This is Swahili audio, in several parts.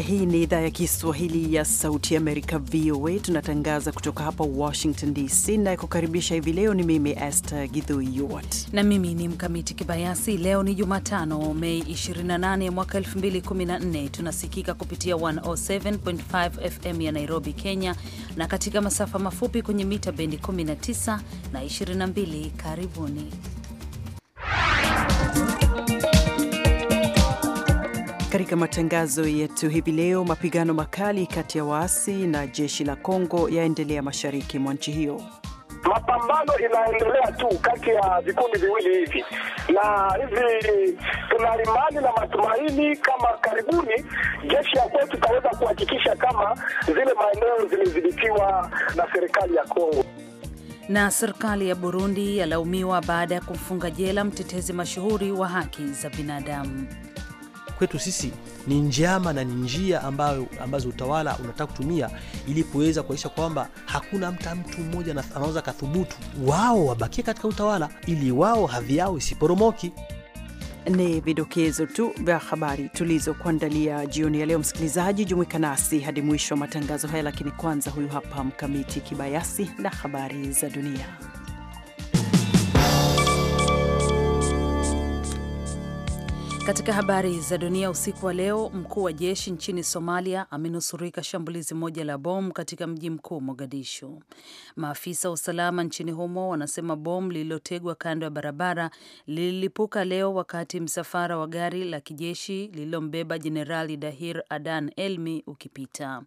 Hii ni idhaa ya Kiswahili ya Sauti Amerika, VOA. Tunatangaza kutoka hapa Washington DC nayekukaribisha hivi leo. Ni mimi Esther Githui na mimi ni Mkamiti Kibayasi. Leo ni Jumatano, Mei 28 mwaka 2014. Tunasikika kupitia 107.5 FM ya Nairobi, Kenya, na katika masafa mafupi kwenye mita bendi 19 na 22. Karibuni katika matangazo yetu hivi leo, mapigano makali kati ya waasi na jeshi la Kongo yaendelea mashariki mwa nchi hiyo. Mapambano inaendelea tu kati ya vikundi viwili hivi, na hivi tuna imani na matumaini kama karibuni jeshi ya kwetu itaweza kuhakikisha kama zile maeneo zimedhibitiwa na serikali ya Kongo. Na serikali ya Burundi yalaumiwa baada ya kumfunga jela mtetezi mashuhuri wa haki za binadamu kwetu sisi ni njama na ni njia ambayo ambazo utawala unataka kutumia ili kuweza kuhakikisha kwamba hakuna mta mtu mmoja anaweza kathubutu, wao wabakie katika utawala ili wao hadhi yao isiporomoki. Ni vidokezo tu vya habari tulizokuandalia jioni ya leo. Msikilizaji, jumuika nasi hadi mwisho wa matangazo haya, lakini kwanza, huyu hapa Mkamiti Kibayasi na habari za dunia. Katika habari za dunia usiku wa leo, mkuu wa jeshi nchini Somalia amenusurika shambulizi moja la bomu katika mji mkuu Mogadishu. Maafisa wa usalama nchini humo wanasema bomu lililotegwa kando ya barabara lililipuka leo wakati msafara wa gari la kijeshi lililombeba Jenerali Dahir Adan Elmi ukipita.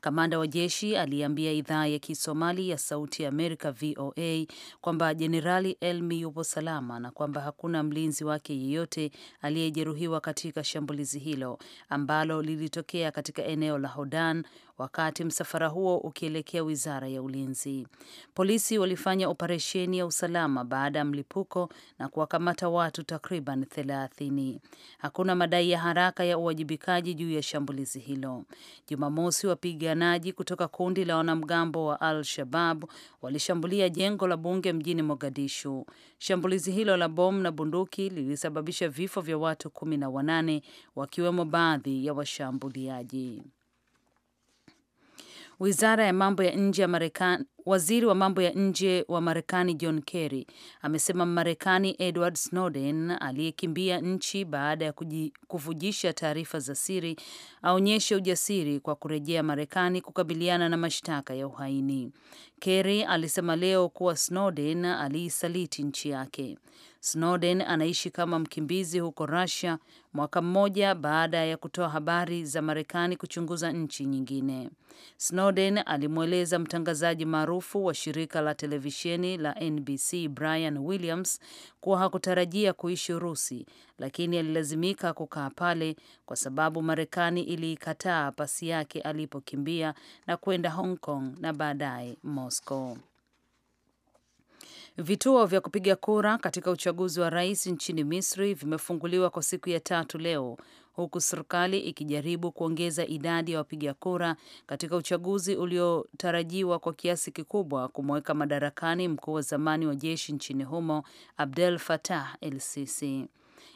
Kamanda wa jeshi aliambia idhaa ya Kisomali ya Sauti ya Amerika VOA kwamba Jenerali Elmi yupo salama na kwamba hakuna mlinzi wake yeyote aliye walijeruhiwa katika shambulizi hilo ambalo lilitokea katika eneo la Hodan wakati msafara huo ukielekea wizara ya ulinzi. Polisi walifanya operesheni ya usalama baada ya mlipuko na kuwakamata watu takriban thelathini. Hakuna madai ya haraka ya uwajibikaji juu ya shambulizi hilo. Jumamosi, wapiganaji kutoka kundi la wanamgambo wa Al Shabab walishambulia jengo la bunge mjini Mogadishu. Shambulizi hilo la bomu na bunduki lilisababisha vifo vya watu kumi na wanane wakiwemo baadhi ya washambuliaji. Wizara ya mambo ya nje ya Marekani Waziri wa mambo ya nje wa Marekani John Kerry amesema Marekani Edward Snowden aliyekimbia nchi baada ya kuvujisha taarifa za siri aonyeshe ujasiri kwa kurejea Marekani kukabiliana na mashtaka ya uhaini. Kerry alisema leo kuwa Snowden aliisaliti nchi yake. Snowden anaishi kama mkimbizi huko Russia mwaka mmoja baada ya kutoa habari za Marekani kuchunguza nchi nyingine. Snowden alimweleza mtangazaji maarufu maarufu wa shirika la televisheni la NBC Brian Williams kuwa hakutarajia kuishi Urusi, lakini alilazimika kukaa pale kwa sababu Marekani iliikataa pasi yake alipokimbia na kwenda Hong Kong na baadaye Moscow. Vituo vya kupiga kura katika uchaguzi wa rais nchini Misri vimefunguliwa kwa siku ya tatu leo huku serikali ikijaribu kuongeza idadi ya wapiga kura katika uchaguzi uliotarajiwa kwa kiasi kikubwa kumweka madarakani mkuu wa zamani wa jeshi nchini humo Abdel Fattah el Sisi.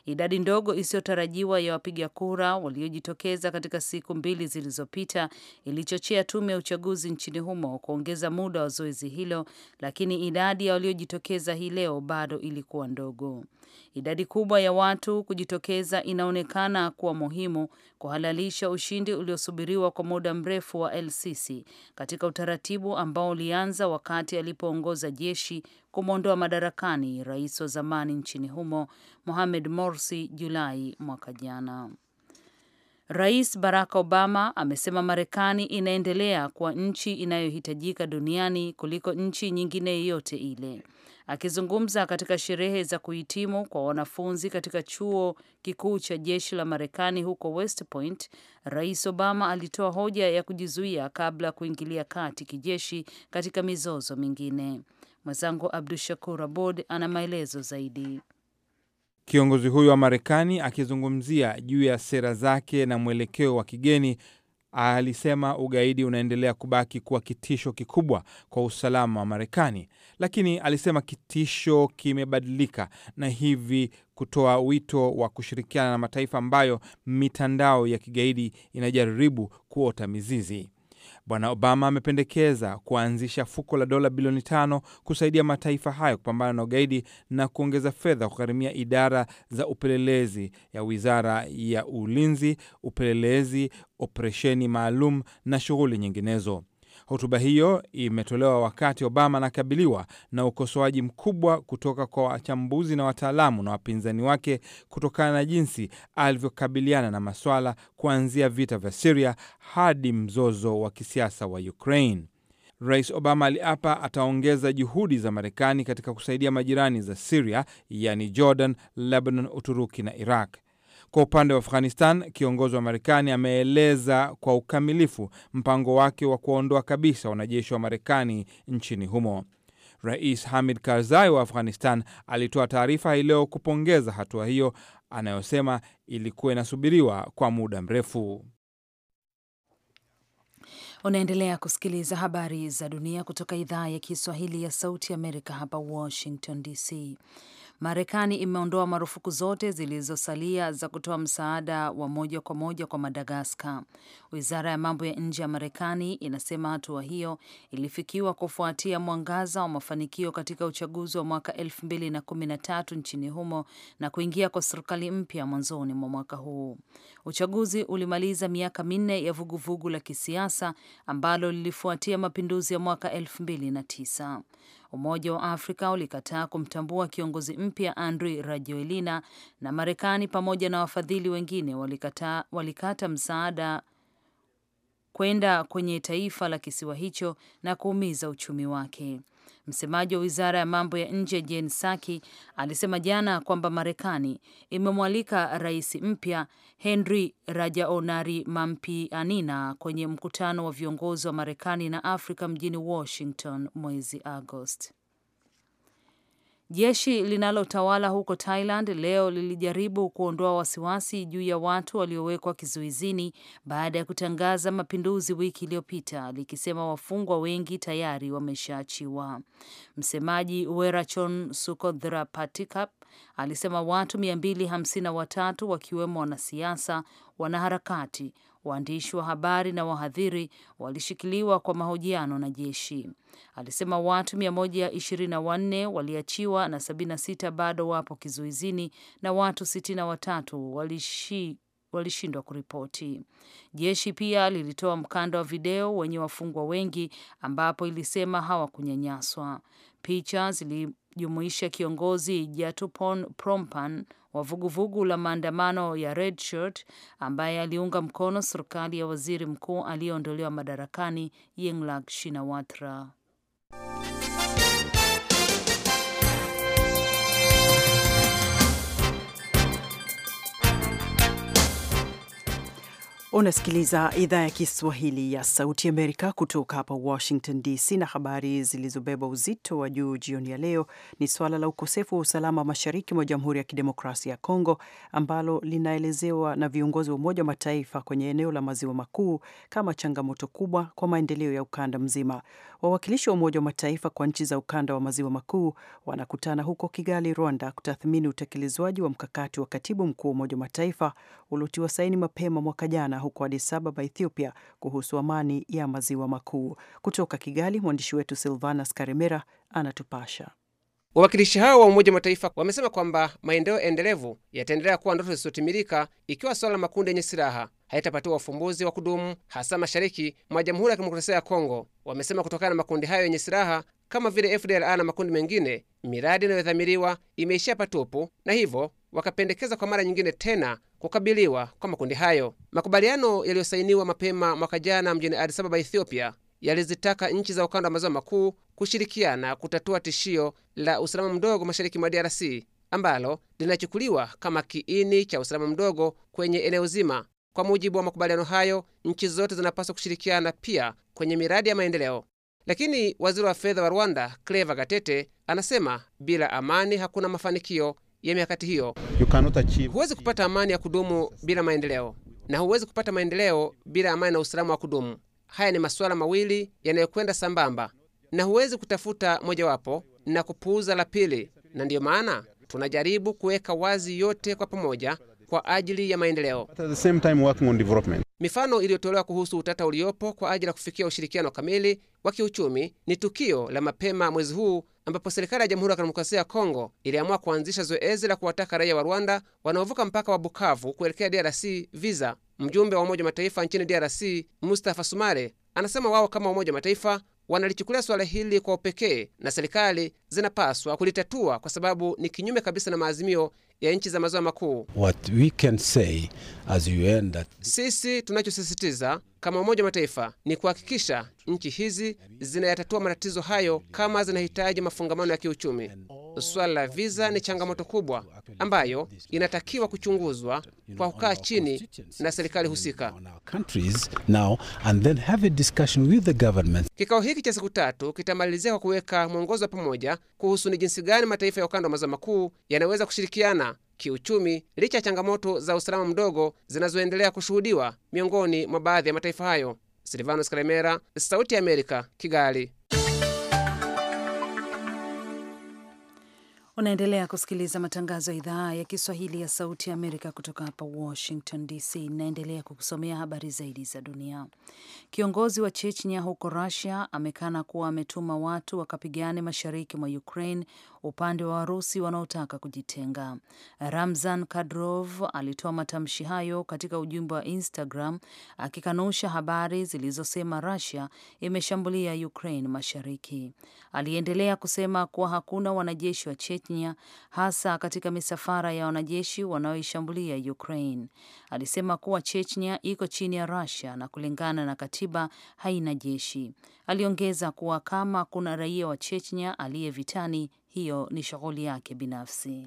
Idadi ndogo isiyotarajiwa ya wapiga kura waliojitokeza katika siku mbili zilizopita ilichochea tume ya uchaguzi nchini humo kuongeza muda wa zoezi hilo, lakini idadi ya waliojitokeza hii leo bado ilikuwa ndogo. Idadi kubwa ya watu kujitokeza inaonekana kuwa muhimu kuhalalisha ushindi uliosubiriwa kwa muda mrefu wa lcc katika utaratibu ambao ulianza wakati alipoongoza jeshi kumwondoa madarakani rais wa zamani nchini humo Mohamed Morsi Julai mwaka jana. Rais Barack Obama amesema Marekani inaendelea kuwa nchi inayohitajika duniani kuliko nchi nyingine yoyote ile. Akizungumza katika sherehe za kuhitimu kwa wanafunzi katika chuo kikuu cha jeshi la Marekani huko West Point, Rais Obama alitoa hoja ya kujizuia kabla ya kuingilia kati kijeshi katika mizozo mingine. Mwenzangu Abdu Shakur Abod ana maelezo zaidi. Kiongozi huyo wa Marekani akizungumzia juu ya sera zake na mwelekeo wa kigeni alisema ugaidi unaendelea kubaki kuwa kitisho kikubwa kwa usalama wa Marekani, lakini alisema kitisho kimebadilika na hivi kutoa wito wa kushirikiana na mataifa ambayo mitandao ya kigaidi inajaribu kuota mizizi. Bwana Obama amependekeza kuanzisha fuko la dola bilioni tano kusaidia mataifa hayo kupambana na ugaidi na kuongeza fedha kugharimia idara za upelelezi ya wizara ya ulinzi, upelelezi, operesheni maalum na shughuli nyinginezo. Hotuba hiyo imetolewa wakati Obama anakabiliwa na ukosoaji mkubwa kutoka kwa wachambuzi na wataalamu na wapinzani wake kutokana na jinsi alivyokabiliana na maswala kuanzia vita vya Siria hadi mzozo wa kisiasa wa Ukraine. Rais Obama aliapa ataongeza juhudi za Marekani katika kusaidia majirani za Siria, yani Jordan, Lebanon, Uturuki na Iraq. Kwa upande wa Afghanistan, kiongozi wa Marekani ameeleza kwa ukamilifu mpango wake wa kuwaondoa kabisa wanajeshi wa Marekani nchini humo. Rais Hamid Karzai wa Afghanistan alitoa taarifa hii leo kupongeza hatua hiyo anayosema ilikuwa inasubiriwa kwa muda mrefu. Unaendelea kusikiliza habari za dunia kutoka idhaa ya Kiswahili ya Sauti ya Amerika hapa Washington DC. Marekani imeondoa marufuku zote zilizosalia za kutoa msaada wa moja kwa moja kwa Madagaskar. Wizara ya mambo ya nje ya Marekani inasema hatua hiyo ilifikiwa kufuatia mwangaza wa mafanikio katika uchaguzi wa mwaka 2013 nchini humo na kuingia kwa serikali mpya mwanzoni mwa mwaka huu. Uchaguzi ulimaliza miaka minne ya vuguvugu vugu la kisiasa ambalo lilifuatia mapinduzi ya mwaka 29 Umoja wa Afrika ulikataa kumtambua kiongozi mpya Andry Rajoelina na Marekani pamoja na wafadhili wengine walikata, walikata msaada kwenda kwenye taifa la kisiwa hicho na kuumiza uchumi wake. Msemaji wa wizara ya mambo ya nje Jen saki alisema jana kwamba Marekani imemwalika rais mpya Henry rajaonari Mampianina kwenye mkutano wa viongozi wa Marekani na Afrika mjini Washington mwezi Agosti. Jeshi linalotawala huko Thailand leo lilijaribu kuondoa wasiwasi juu ya watu waliowekwa kizuizini baada ya kutangaza mapinduzi wiki iliyopita, likisema wafungwa wengi tayari wameshaachiwa. Msemaji Werachon Sukodhrapatikap alisema watu 253 wakiwemo wanasiasa, wanaharakati waandishi wa habari na wahadhiri walishikiliwa kwa mahojiano na jeshi. Alisema watu 124 waliachiwa na 76 bado wapo kizuizini na watu 63 walishi walishindwa kuripoti. Jeshi pia lilitoa mkanda wa video wenye wafungwa wengi ambapo ilisema hawakunyanyaswa. Picha zili jumuisha kiongozi jatupon Prompan wa vuguvugu la maandamano ya Red Shirt ambaye aliunga mkono serikali ya waziri mkuu aliyeondolewa madarakani Yingluck Shinawatra. Unasikiliza idhaa ya Kiswahili ya Sauti Amerika kutoka hapa Washington DC, na habari zilizobeba uzito wa juu jioni ya leo ni suala la ukosefu wa usalama mashariki mwa Jamhuri ya Kidemokrasia ya Kongo ambalo linaelezewa na viongozi wa Umoja wa Mataifa kwenye eneo la Maziwa Makuu kama changamoto kubwa kwa maendeleo ya ukanda mzima. Wawakilishi wa Umoja wa Mataifa kwa nchi za ukanda wa Maziwa Makuu wanakutana huko Kigali, Rwanda, kutathmini utekelezwaji wa mkakati wa katibu mkuu wa Umoja wa Mataifa uliotiwa saini mapema mwaka jana huko Addis Ababa, Ethiopia, kuhusu amani ya maziwa makuu. Kutoka Kigali, mwandishi wetu Silvanas Karemera anatupasha. Wawakilishi hao wa Umoja wa Mataifa wamesema kwamba maendeleo endelevu yataendelea kuwa ndoto zisizotimilika ikiwa suala la makundi yenye silaha haitapatiwa ufumbuzi wa kudumu, hasa mashariki mwa Jamhuri ya Kidemokrasia ya Kongo. Wamesema kutokana na makundi hayo yenye silaha kama vile FDLR na makundi mengine, miradi inayodhamiriwa imeishia patupu, na hivyo wakapendekeza kwa mara nyingine tena kukabiliwa kwa makundi hayo. Makubaliano yaliyosainiwa mapema mwaka jana mjini Addis Ababa, Ethiopia, yalizitaka nchi za ukanda wa maziwa makuu kushirikiana kutatua tishio la usalama mdogo mashariki mwa DRC ambalo linachukuliwa kama kiini cha usalama mdogo kwenye eneo zima. Kwa mujibu wa makubaliano hayo, nchi zote zinapaswa kushirikiana pia kwenye miradi ya maendeleo. Lakini waziri wa fedha wa Rwanda cleva Gatete anasema bila amani hakuna mafanikio ya mikakati hiyo. Huwezi kupata amani ya kudumu bila maendeleo, na huwezi kupata maendeleo bila amani na usalama wa kudumu. Haya ni masuala mawili yanayokwenda sambamba, na huwezi kutafuta mojawapo na kupuuza la pili, na ndiyo maana tunajaribu kuweka wazi yote kwa pamoja kwa ajili ya maendeleo. Mifano iliyotolewa kuhusu utata uliopo kwa ajili ya kufikia ushirikiano kamili wa kiuchumi ni tukio la mapema mwezi huu ambapo serikali ya Jamhuri ya Kidemokrasia ya Kongo iliamua kuanzisha zoezi la kuwataka raia wa Rwanda wanaovuka mpaka wa Bukavu kuelekea DRC visa. Mjumbe wa Umoja wa Mataifa nchini DRC Mustafa Sumare anasema wao kama Umoja wa Mataifa wanalichukulia suala hili kwa upekee na serikali zinapaswa kulitatua kwa sababu ni kinyume kabisa na maazimio ya nchi za maziwa makuu. that... sisi tunachosisitiza kama Umoja wa Mataifa ni kuhakikisha nchi hizi zinayatatua matatizo hayo kama zinahitaji mafungamano ya kiuchumi. Suala la viza ni changamoto kubwa ambayo inatakiwa kuchunguzwa kwa kukaa chini na serikali husika. Kikao hiki cha siku tatu kitamalizia kwa kuweka mwongozo wa pamoja kuhusu ni jinsi gani mataifa ya ukanda wa maziwa makuu yanaweza kushirikiana kiuchumi licha ya changamoto za usalama mdogo zinazoendelea kushuhudiwa miongoni mwa baadhi ya mataifa hayo. Silvanos Karemera, Sauti ya Amerika, Kigali. Unaendelea kusikiliza matangazo ya idhaa ya Kiswahili ya Sauti ya Amerika kutoka hapa Washington DC. Inaendelea kukusomea habari zaidi za dunia. Kiongozi wa Chechnya huko Russia amekana kuwa ametuma watu wakapigane mashariki mwa Ukraine upande wa Warusi wanaotaka kujitenga. Ramzan kadrov alitoa matamshi hayo katika ujumbe wa Instagram akikanusha habari zilizosema Russia imeshambulia Ukraine mashariki. Aliendelea kusema kuwa hakuna wanajeshi wa Chechnya hasa katika misafara ya wanajeshi wanaoishambulia Ukraine. Alisema kuwa Chechnya iko chini ya rasia na kulingana na katiba haina jeshi. Aliongeza kuwa kama kuna raia wa Chechnya aliye vitani hiyo ni shughuli yake binafsi.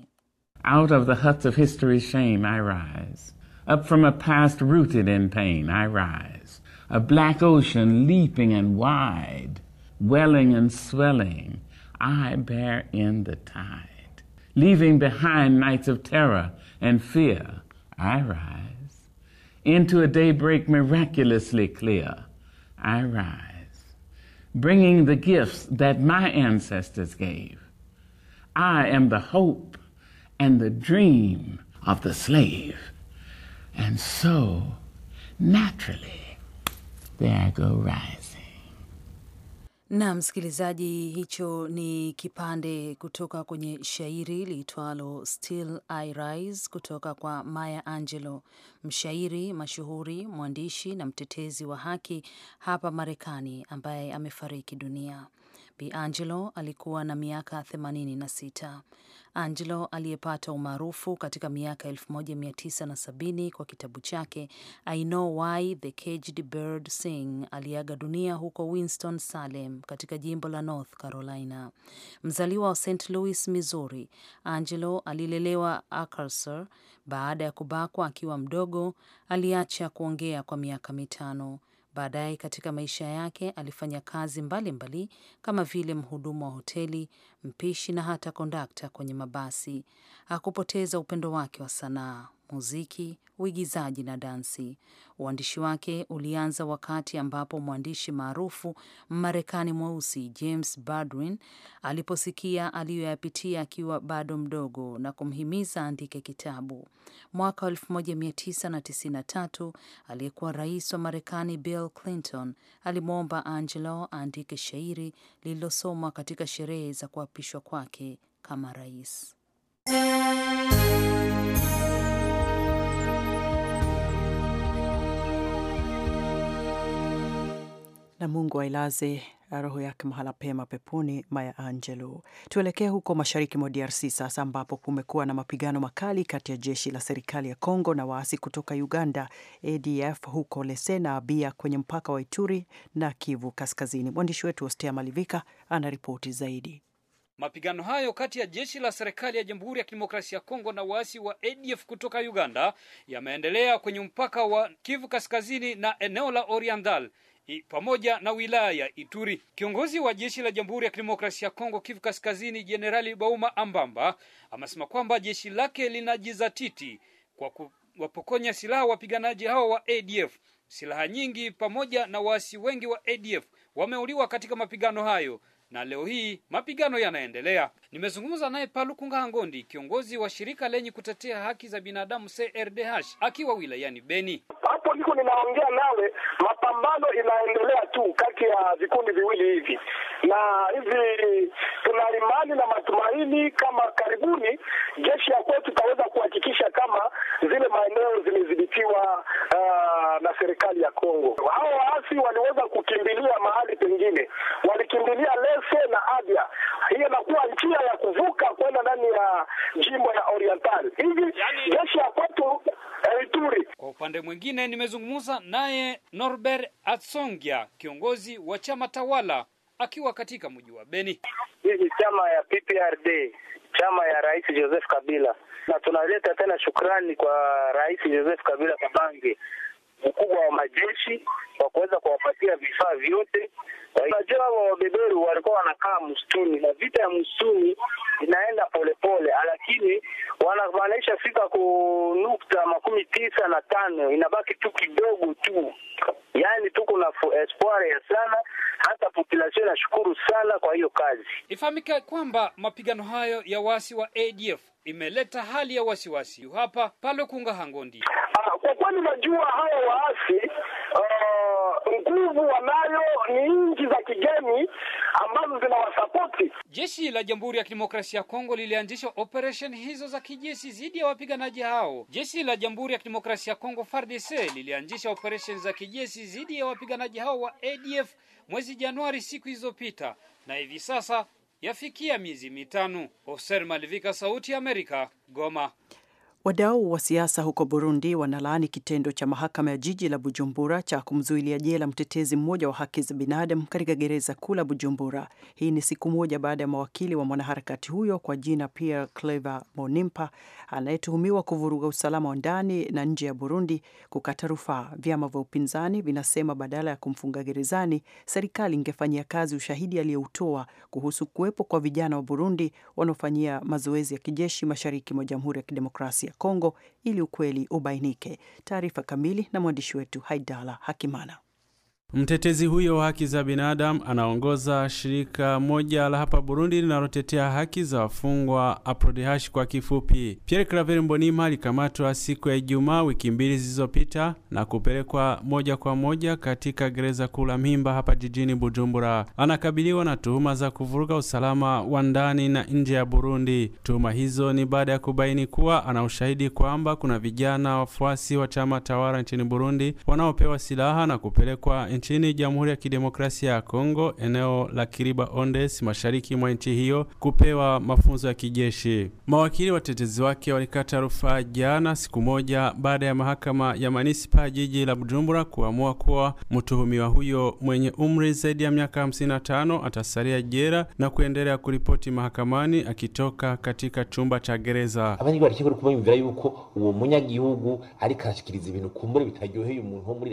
Out of the huts of history's shame I rise. Up from a past rooted in pain I rise. A black ocean leaping and wide, welling and swelling, I bear in the tide. Leaving behind nights of terror and fear, I rise. Into a daybreak miraculously clear, I rise. Bringing the gifts that my ancestors gave. I am the hope and the dream of the slave. And so, naturally, there I go rising. Na msikilizaji, hicho ni kipande kutoka kwenye shairi liitwalo Still I Rise kutoka kwa Maya angelo mshairi mashuhuri, mwandishi na mtetezi wa haki hapa Marekani, ambaye amefariki dunia. Bi Angelo alikuwa na miaka 86. Angelo aliyepata umaarufu katika miaka 1970 kwa kitabu chake I Know Why the Caged Bird Sing aliaga dunia huko Winston-Salem katika jimbo la North Carolina. Mzaliwa wa St. Louis, Missouri, Angelo alilelewa Arkansas. Baada ya kubakwa akiwa mdogo, aliacha kuongea kwa miaka mitano. Baadaye katika maisha yake alifanya kazi mbalimbali mbali, kama vile mhudumu wa hoteli, mpishi na hata kondakta kwenye mabasi. Hakupoteza upendo wake wa sanaa, muziki, uigizaji na dansi. Uandishi wake ulianza wakati ambapo mwandishi maarufu Mmarekani mweusi James Baldwin aliposikia aliyoyapitia akiwa bado mdogo na kumhimiza aandike kitabu. Mwaka 1993 aliyekuwa rais wa Marekani Bill Clinton alimwomba Angelo aandike shairi lililosomwa katika sherehe za kuapishwa kwake kama rais. na Mungu ailaze eh, roho yake mahala pema peponi, Maya angelo Tuelekee huko mashariki mwa DRC sasa, ambapo kumekuwa na mapigano makali kati ya jeshi la serikali ya Kongo na waasi kutoka Uganda, ADF, huko Lese na Abia kwenye mpaka wa Ituri na Kivu Kaskazini. Mwandishi wetu Ostea Malivika ana ripoti zaidi. Mapigano hayo kati ya jeshi la serikali ya Jamhuri ya Kidemokrasia ya Kongo na waasi wa ADF kutoka Uganda yameendelea kwenye mpaka wa Kivu Kaskazini na eneo la Oriental pamoja na wilaya ya Ituri. Kiongozi wa jeshi la Jamhuri ya Kidemokrasia ya Kongo Kivu Kaskazini, Jenerali Bauma Ambamba amesema kwamba jeshi lake linajizatiti kwa kuwapokonya silaha wapiganaji hao wa ADF. Silaha nyingi pamoja na waasi wengi wa ADF wameuliwa katika mapigano hayo na leo hii mapigano yanaendelea. Nimezungumza naye Paluku Ngahangondi, kiongozi wa shirika lenye kutetea haki za binadamu CRDH, akiwa wilayani Beni. Hapo ni ninaongea nawe, mapambano inaendelea tu kati ya vikundi viwili hivi, na hivi tuna imani na matumaini kama karibuni jeshi ya kwetu itaweza kuhakikisha kama zile maeneo zimedhibitiwa uh, na serikali ya Kongo. Hao waasi waliweza kukimbilia mahali pengine, walikimbilia Lese na adya Hiyo inakuwa njia ya kuvuka kwenda ndani ya jimbo ya Oriental hivi yani... jeshi ya kwetu eh, Ituri. Kwa upande mwingine nimezungumza Nimezungumza naye Norbert Atsongia, kiongozi wa chama tawala, akiwa katika mji wa Beni. Hii chama ya PPRD, chama ya Rais Joseph Kabila, na tunaleta tena shukrani kwa Rais Joseph Kabila Kabange mkubwa wa majeshi wa kuweza kuwapatia vifaa vyote. Unajua, wa wabeberu walikuwa wanakaa msituni na vita ya msituni inaenda polepole, lakini wanamaanisha fika ku nukta makumi tisa na tano, inabaki tu kidogo tu, yaani tuko na espoir ya sana, hata population inashukuru sana kwa hiyo kazi. Ifahamike kwamba mapigano hayo ya wasi wa ADF imeleta hali ya wasiwasi wasi. Hapa pale hangondi ah, kwani unajua jua waasi uh, nguvu uh, wanayo ni nchi za kigeni ambazo zinawasapoti. Jeshi la Jamhuri ya Kidemokrasia ya Kongo lilianzisha operesheni hizo za kijeshi dhidi ya wapiganaji hao. Jeshi la Jamhuri ya Kidemokrasia ya Kongo FARDC lilianzisha operesheni za kijeshi dhidi ya wapiganaji hao wa ADF mwezi Januari siku ilizopita na hivi sasa yafikia miezi mitano. Oser Malivika, Sauti ya Amerika, Goma. Wadau wa siasa huko Burundi wanalaani kitendo cha mahakama ya jiji la Bujumbura cha kumzuilia jela mtetezi mmoja wa haki za binadamu katika gereza kuu la Bujumbura. Hii ni siku moja baada ya mawakili wa mwanaharakati huyo kwa jina Pierre Claver Monimpa anayetuhumiwa kuvuruga usalama wa ndani na nje ya Burundi kukata rufaa. Vyama vya upinzani vinasema badala ya kumfunga gerezani, serikali ingefanyia kazi ushahidi aliyoutoa kuhusu kuwepo kwa vijana wa Burundi wanaofanyia mazoezi ya kijeshi mashariki mwa Jamhuri ya Kidemokrasia Kongo ili ukweli ubainike. Taarifa kamili na mwandishi wetu Haidala Hakimana. Mtetezi huyo wa haki za binadamu anaongoza shirika moja la hapa Burundi linalotetea haki za wafungwa APRODH kwa kifupi. Pierre Claver Mbonima alikamatwa siku ya Ijumaa wiki mbili zilizopita na kupelekwa moja kwa moja katika gereza kuu la hapa jijini Bujumbura. Anakabiliwa na tuhuma za kuvuruga usalama wa ndani na nje ya Burundi. Tuhuma hizo ni baada ya kubaini kuwa ana ushahidi kwamba kuna vijana wafuasi wa chama tawala nchini Burundi wanaopewa silaha na kupelekwa nchini Jamhuri ya Kidemokrasia ya Kongo, eneo la Kiriba Ondes, mashariki mwa nchi hiyo kupewa mafunzo ya kijeshi. Mawakili watetezi wake walikata rufaa jana, siku moja baada ya mahakama ya manispa jiji la Bujumbura kuamua kuwa mtuhumiwa huyo mwenye umri zaidi ya miaka 55 atasalia jera na kuendelea kuripoti mahakamani akitoka katika chumba cha gereza.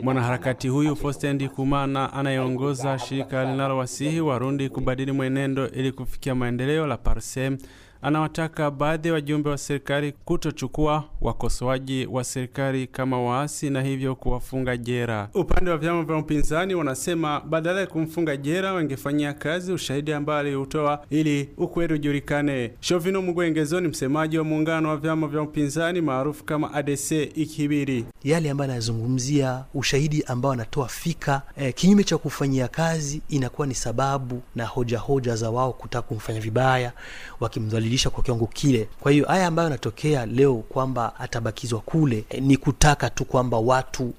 Mwanaharakati huyu Fostendi Ntakumana anayeongoza shirika linalowasihi Warundi kubadili mwenendo ili kufikia maendeleo la Parsem anawataka baadhi ya wajumbe wa serikali kutochukua wakosoaji wa serikali kama waasi na hivyo kuwafunga jera. Upande wa vyama vya upinzani wanasema badala ya kumfunga jera wangefanyia kazi ushahidi ambao aliutoa ili ukweli ujulikane. Shovino Mgwengezo ni msemaji wa muungano wa vyama vya upinzani maarufu kama ADC Ikibiri. Yale ambayo anazungumzia ushahidi ambao anatoa fika eh, kinyume cha kufanyia kazi inakuwa ni sababu na hojahoja hoja za wao kutaka kumfanya vibaya wakimdhalili kubadilisha kwa kiwango kile. Kwa hiyo haya ambayo yanatokea leo kwamba atabakizwa kule, eh, ni kutaka tu kwamba watu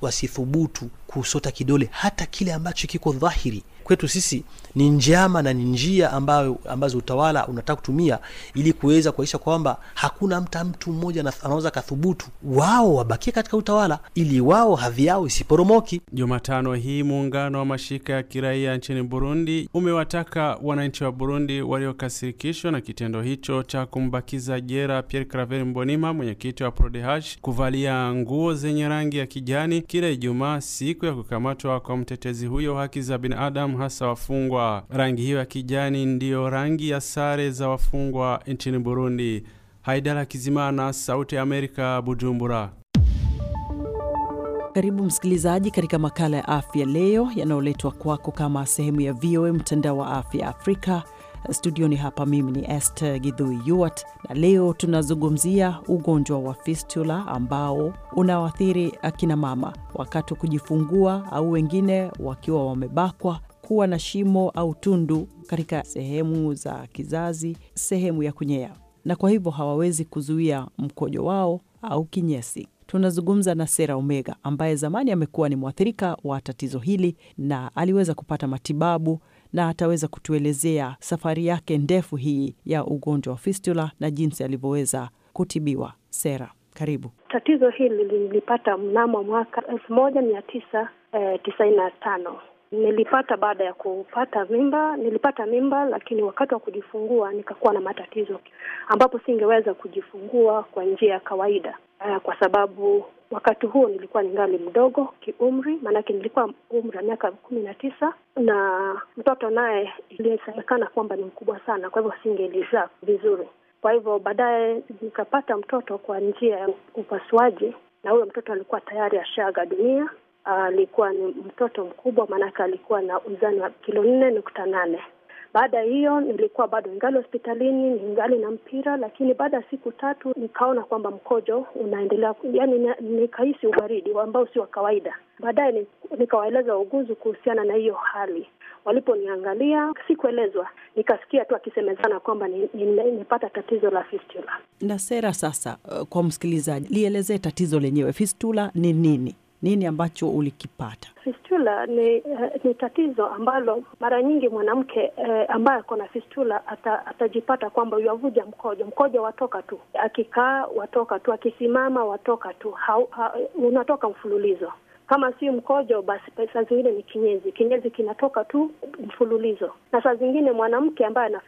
wasithubutu kusota kidole, hata kile ambacho kiko dhahiri kwetu sisi ni njama na ni njia ambayo ambazo utawala unataka kutumia ili kuweza kuhakikisha kwamba hakuna mta mtu mmoja anaweza kathubutu, wao wabakie katika utawala ili wao hadhi yao isiporomoki. Jumatano hii muungano wa mashirika ya kiraia nchini Burundi umewataka wananchi wa Burundi waliokasirikishwa na kitendo hicho cha kumbakiza jera Pierre craver Mbonima, mwenyekiti wa Prodeh, kuvalia nguo zenye rangi ya kijani kila Ijumaa si siku ya kukamatwa kwa mtetezi huyo wa haki za binadamu, hasa wafungwa. Rangi hiyo ya kijani ndiyo rangi ya sare za wafungwa nchini Burundi. Haidara Kizimana, Sauti ya Amerika, Bujumbura. Karibu msikilizaji katika makala ya afya leo yanayoletwa kwako kama sehemu ya VOA mtandao wa afya Afrika Studioni hapa mimi ni Esther Gidhui Yuat, na leo tunazungumzia ugonjwa wa fistula ambao unawathiri akina mama wakati wa kujifungua au wengine wakiwa wamebakwa kuwa na shimo au tundu katika sehemu za kizazi, sehemu ya kunyea, na kwa hivyo hawawezi kuzuia mkojo wao au kinyesi. Tunazungumza na Sera Omega ambaye zamani amekuwa ni mwathirika wa tatizo hili na aliweza kupata matibabu na ataweza kutuelezea safari yake ndefu hii ya ugonjwa wa fistula na jinsi alivyoweza kutibiwa. Sera, karibu. Tatizo hili lilipata mnamo mwaka elfu moja mia tisa eh, tisaini na tano. Nilipata baada ya kupata mimba, nilipata mimba, lakini wakati wa kujifungua nikakuwa na matatizo ambapo singeweza kujifungua kwa njia ya kawaida uh, kwa sababu wakati huo nilikuwa ningali mdogo kiumri, maanake nilikuwa umri wa miaka kumi na tisa na mtoto naye ilisemekana kwamba ni mkubwa sana, kwa hivyo singelizaa vizuri. Kwa hivyo baadaye nikapata mtoto kwa njia ya upasuaji, na huyo mtoto alikuwa tayari ashaaga dunia. Ah, alikuwa ni mtoto mkubwa, maanake alikuwa na uzani wa kilo nne nukta nane baada ya hiyo nilikuwa bado ingali hospitalini, ningali na mpira, lakini baada ya siku tatu nikaona kwamba mkojo unaendelea, yani nikahisi ubaridi ambao si wa kawaida. Baadaye nikawaeleza uguzi kuhusiana na hiyo hali. Waliponiangalia sikuelezwa, nikasikia tu akisemezana kwamba nimepata tatizo la fistula. Na Sera, sasa uh, kwa msikilizaji, lielezee tatizo lenyewe, fistula ni nini? nini ambacho ulikipata? Fistula ni, eh, ni tatizo ambalo mara nyingi mwanamke uh, ambaye ako na fistula ata, atajipata kwamba yuavuja mkojo, mkojo watoka tu, akikaa watoka tu, akisimama watoka tu, ha, ha, unatoka mfululizo. Kama si mkojo, basi pesa zingine ni kinyezi. Kinyezi kinatoka tu mfululizo, na saa zingine mwanamke ambaye ana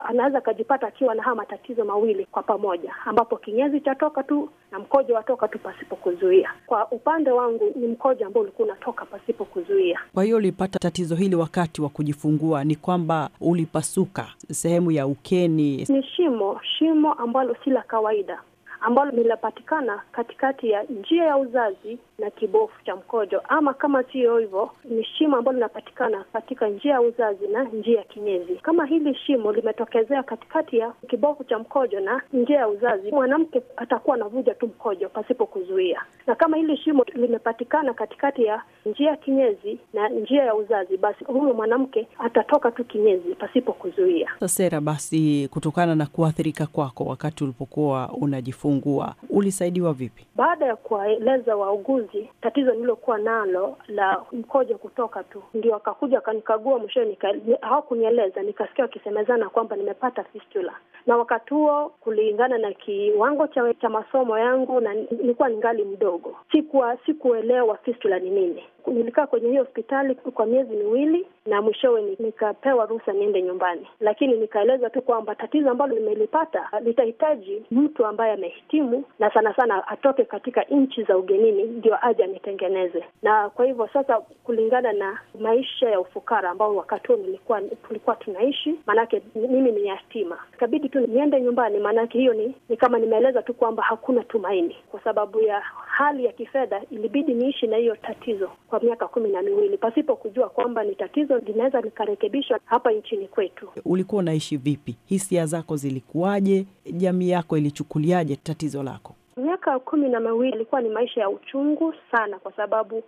anaweza akajipata akiwa na haya matatizo mawili kwa pamoja, ambapo kinyezi chatoka tu na mkojo watoka tu pasipo kuzuia. Kwa upande wangu ni mkojo ambao ulikuwa unatoka pasipo kuzuia. Kwa hiyo ulipata tatizo hili wakati wa kujifungua, ni kwamba ulipasuka sehemu ya ukeni? Ni shimo, shimo ambalo si la kawaida ambalo linapatikana katikati ya njia ya uzazi na kibofu cha mkojo, ama kama siyo hivyo, ni shimo ambalo linapatikana katika njia ya uzazi na njia ya kinyezi. Kama hili shimo limetokezea katikati ya kibofu cha mkojo na njia ya uzazi, mwanamke atakuwa anavuja tu mkojo pasipo kuzuia, na kama hili shimo limepatikana katikati ya njia ya kinyezi na njia ya uzazi, basi huyo mwanamke atatoka tu kinyezi pasipo kuzuia. Sasera, basi kutokana na kuathirika kwako wakati ulipokuwa unajifungua ulisaidiwa vipi? Baada ya kuwaeleza wauguzi maji, tatizo nililokuwa nalo la mkojo kutoka tu, ndio akakuja akanikagua, mwishowe hawakunieleza, nikasikia wakisemezana kwamba nimepata fistula. Na wakati huo kulingana na kiwango cha, cha masomo yangu na nilikuwa ningali mdogo, sikuwa sikuelewa fistula ni nini nilikaa kwenye hiyo hospitali kwa miezi miwili na mwishowe nikapewa ruhusa niende nyumbani, lakini nikaeleza tu kwamba tatizo ambalo nimelipata litahitaji mtu ambaye amehitimu na sana sana atoke katika nchi za ugenini ndio aje anitengeneze. Na kwa hivyo sasa, kulingana na maisha ya ufukara ambao wakati huo nilikuwa tulikuwa tunaishi, maanake mimi ni yatima, ikabidi tu niende nyumbani, maanake hiyo ni, ni kama nimeeleza tu kwamba hakuna tumaini kwa sababu ya hali ya kifedha, ilibidi niishi na hiyo tatizo kwa miaka kumi na miwili pasipo kujua kwamba ni tatizo linaweza likarekebishwa hapa nchini kwetu. Ulikuwa unaishi vipi? Hisia zako zilikuwaje? Jamii yako ilichukuliaje tatizo lako? Miaka kumi na miwili ilikuwa ni maisha ya uchungu sana, kwa sababu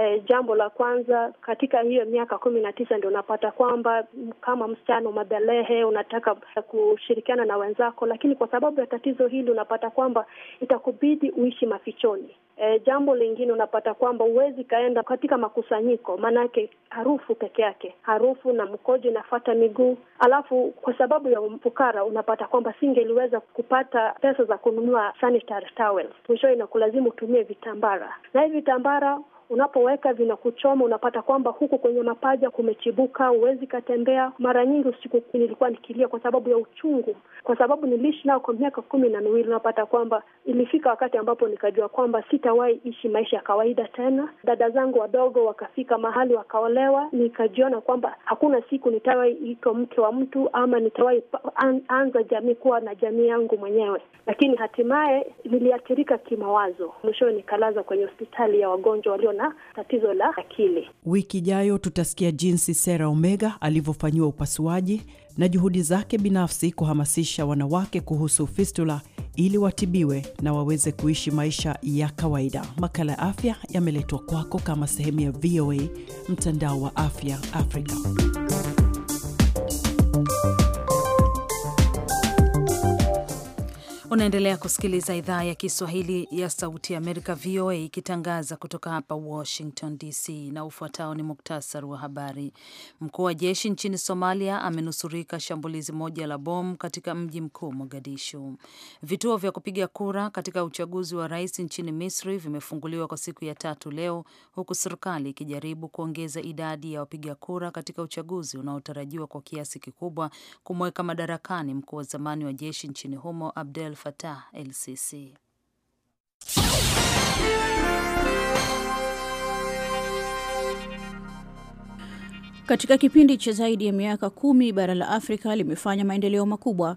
E, jambo la kwanza katika hiyo miaka kumi na tisa ndio unapata kwamba kama msichana umebelehe unataka kushirikiana na wenzako, lakini kwa sababu ya tatizo hili unapata kwamba itakubidi uishi mafichoni. E, jambo lingine unapata kwamba huwezi kaenda katika makusanyiko, maanake harufu peke yake, harufu na mkojo inafata miguu. Alafu kwa sababu ya ufukara unapata kwamba singeliweza kupata pesa za kununua sanitary towels, mwisho inakulazimu utumie vitambara, na hivi vitambara unapoweka vinakuchoma, unapata kwamba huku kwenye mapaja kumechibuka, huwezi katembea. Mara nyingi usiku nilikuwa nikilia kwa sababu ya uchungu, kwa sababu niliishi nao kwa miaka kumi na miwili. Unapata kwamba ilifika wakati ambapo nikajua kwamba sitawahi ishi maisha ya kawaida tena. Dada zangu wadogo wakafika mahali wakaolewa, nikajiona kwamba hakuna siku nitawahi itwa mke wa mtu ama nitawahi an, anza jamii kuwa na jamii yangu mwenyewe, lakini hatimaye niliathirika kimawazo. Mwishowe nikalaza kwenye hospitali ya wagonjwa walio na na tatizo la akili. Wiki ijayo tutasikia jinsi Sera Omega alivyofanyiwa upasuaji na juhudi zake binafsi kuhamasisha wanawake kuhusu fistula ili watibiwe na waweze kuishi maisha ya kawaida. Makala ya afya yameletwa kwako kama sehemu ya VOA mtandao wa afya Afrika. Unaendelea kusikiliza idhaa ya Kiswahili ya Sauti ya Amerika, VOA, ikitangaza kutoka hapa Washington DC. Na ufuatao ni muktasari wa habari. Mkuu wa jeshi nchini Somalia amenusurika shambulizi moja la bomu katika mji mkuu Mogadishu. Vituo vya kupiga kura katika uchaguzi wa rais nchini Misri vimefunguliwa kwa siku ya tatu leo, huku serikali ikijaribu kuongeza idadi ya wapiga kura katika uchaguzi unaotarajiwa kwa kiasi kikubwa kumweka madarakani mkuu wa zamani wa jeshi nchini humo Abdel Fatah LCC. Katika kipindi cha zaidi ya miaka kumi bara la Afrika limefanya maendeleo makubwa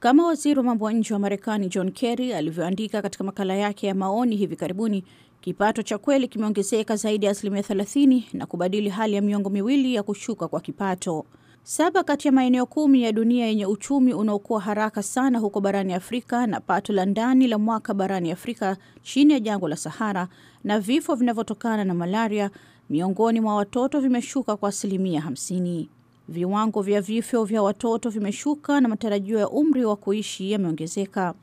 kama waziri wa mambo ya nje wa Marekani John Kerry alivyoandika katika makala yake ya maoni hivi karibuni, kipato cha kweli kimeongezeka zaidi ya asilimia 30 na kubadili hali ya miongo miwili ya kushuka kwa kipato. Saba kati ya maeneo kumi ya dunia yenye uchumi unaokuwa haraka sana huko barani Afrika na pato la ndani la mwaka barani Afrika chini ya jangwa la Sahara na vifo vinavyotokana na malaria miongoni mwa watoto vimeshuka kwa asilimia 50. Viwango vya vifo vya watoto vimeshuka na matarajio ya umri wa kuishi yameongezeka.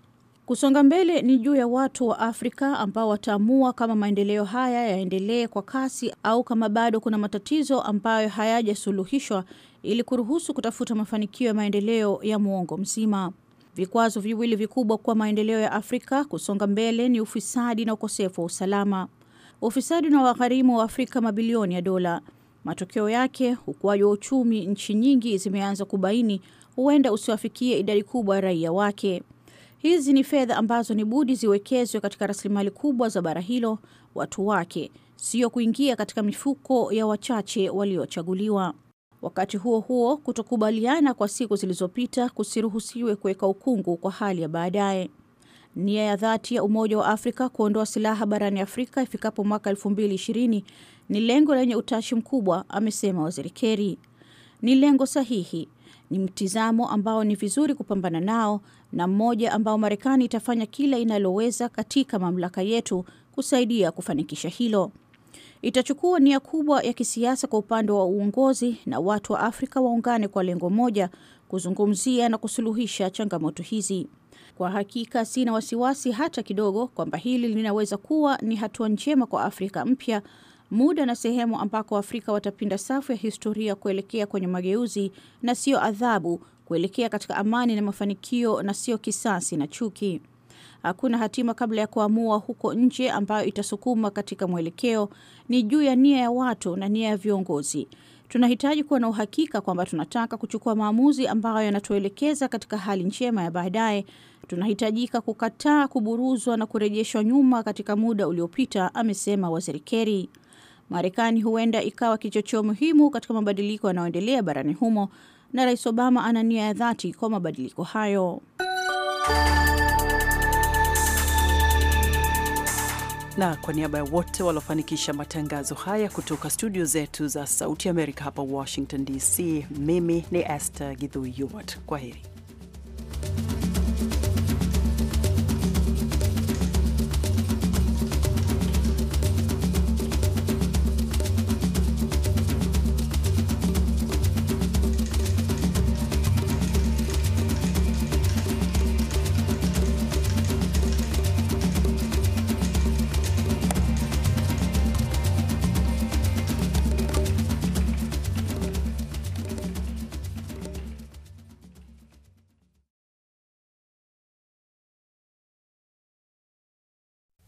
Kusonga mbele ni juu ya watu wa Afrika ambao wataamua kama maendeleo haya yaendelee kwa kasi au kama bado kuna matatizo ambayo hayajasuluhishwa ili kuruhusu kutafuta mafanikio ya maendeleo ya muongo mzima. Vikwazo viwili vikubwa kwa maendeleo ya Afrika kusonga mbele ni ufisadi na ukosefu wa usalama. Ufisadi na wagharimu wa Afrika mabilioni ya dola. Matokeo yake, ukuaji wa uchumi nchi nyingi zimeanza kubaini huenda usiwafikie idadi kubwa ya raia wake. Hizi ni fedha ambazo ni budi ziwekezwe katika rasilimali kubwa za bara hilo, watu wake, sio kuingia katika mifuko ya wachache waliochaguliwa. Wakati huo huo, kutokubaliana kwa siku zilizopita kusiruhusiwe kuweka ukungu kwa hali ya baadaye. Nia ya dhati ya Umoja wa Afrika kuondoa silaha barani Afrika ifikapo mwaka 2020 ni lengo lenye utashi mkubwa, amesema Waziri keri Ni lengo sahihi, ni mtizamo ambao ni vizuri kupambana nao na mmoja ambao Marekani itafanya kila inaloweza katika mamlaka yetu kusaidia kufanikisha hilo itachukua nia kubwa ya kisiasa kwa upande wa uongozi na watu wa Afrika waungane kwa lengo moja kuzungumzia na kusuluhisha changamoto hizi. Kwa hakika sina wasiwasi hata kidogo kwamba hili linaweza kuwa ni hatua njema kwa Afrika mpya, muda na sehemu ambako Waafrika watapinda safu ya historia kuelekea kwenye mageuzi na siyo adhabu, kuelekea katika amani na mafanikio na siyo kisasi na chuki. Hakuna hatima kabla ya kuamua huko nje ambayo itasukuma katika mwelekeo. Ni juu ya nia ya watu na nia ya viongozi. Tunahitaji kuwa na uhakika kwamba tunataka kuchukua maamuzi ambayo yanatuelekeza katika hali njema ya baadaye. Tunahitajika kukataa kuburuzwa na kurejeshwa nyuma katika muda uliopita, amesema waziri Kerry. Marekani huenda ikawa kichocheo muhimu katika mabadiliko yanayoendelea barani humo, na Rais Obama ana nia ya dhati kwa mabadiliko hayo. na kwa niaba ya wote waliofanikisha matangazo haya kutoka studio zetu za Sauti Amerika hapa Washington DC, mimi ni Esther Gidhu Yuwat. Kwa heri.